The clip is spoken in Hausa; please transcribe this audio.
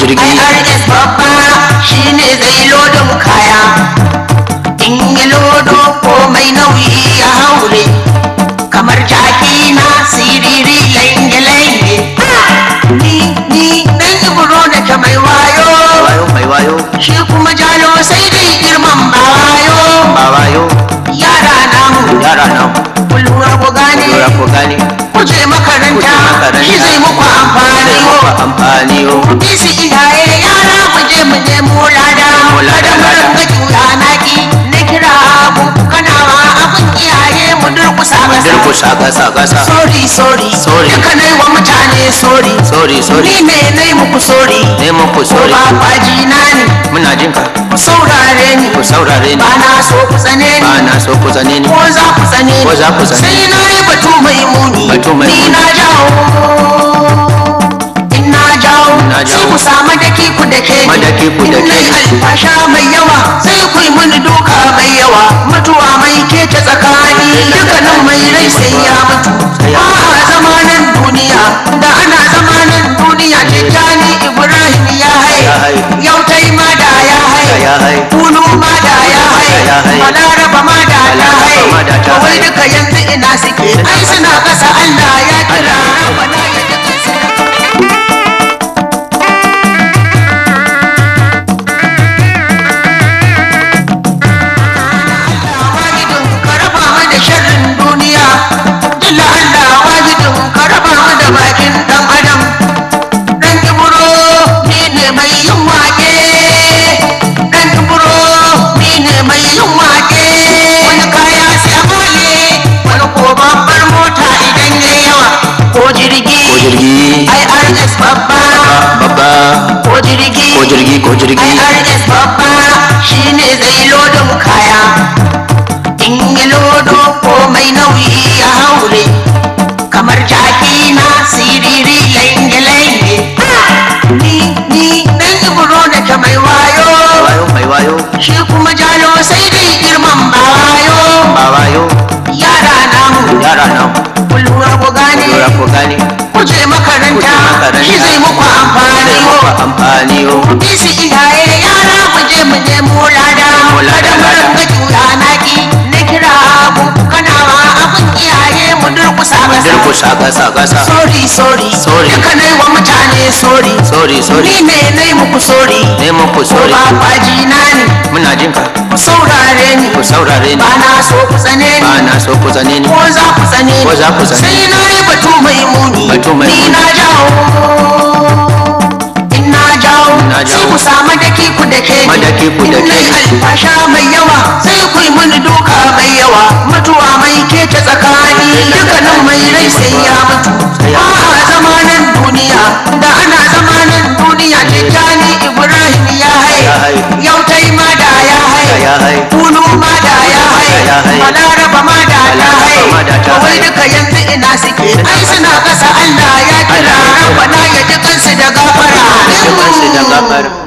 surgery. I it. kusa gasa gasa sorry sorry sorry duka nai wa mutane sorry sorry sorry ni ne nai muku sorry nai muku sorry ba baji na ne muna jin ka ku saurare ni ku saurare ni Bana so ku tsane ni Bana so ku tsane ni ko za ku tsane ni ko za ku ni. sai na yi batu mai muni batu mai muni ni na jawo in na jawo sai ku sa madaki ku da ke ni madaki ku da ke ni alfasha mai yawa da ana zamanin duniya tijjani ibrahim ya hai yau ta yi ma da ya hai kunu ma da ya hai balaraba ma da ya hai kawai duka yanzu ina suke ai suna kasa allah ya kira బబ్బా బబ్బా కోజుడికి కోజుడికి కోజుడికి durkusa kasa gasa sorry sorry sorry duka nai wa mutane sorry sorry sorry ni ne nai muku sorry nai muku sorry ba faji na ne muna jin ka ku saurare ni ku saurare ni ba na so ku tsane ni bana so ku tsane ni ko za ku tsane ni ko za ku ni. sai na yi batu mai muni batu mai muni ni na jawo ina jawo na jawo ku sa madaki ku dake ni madaki ku dake ni alfasha mai yawa duka yanzu ina suke ai suna kasa Allah ya kira gafara ya ji kansu da gafara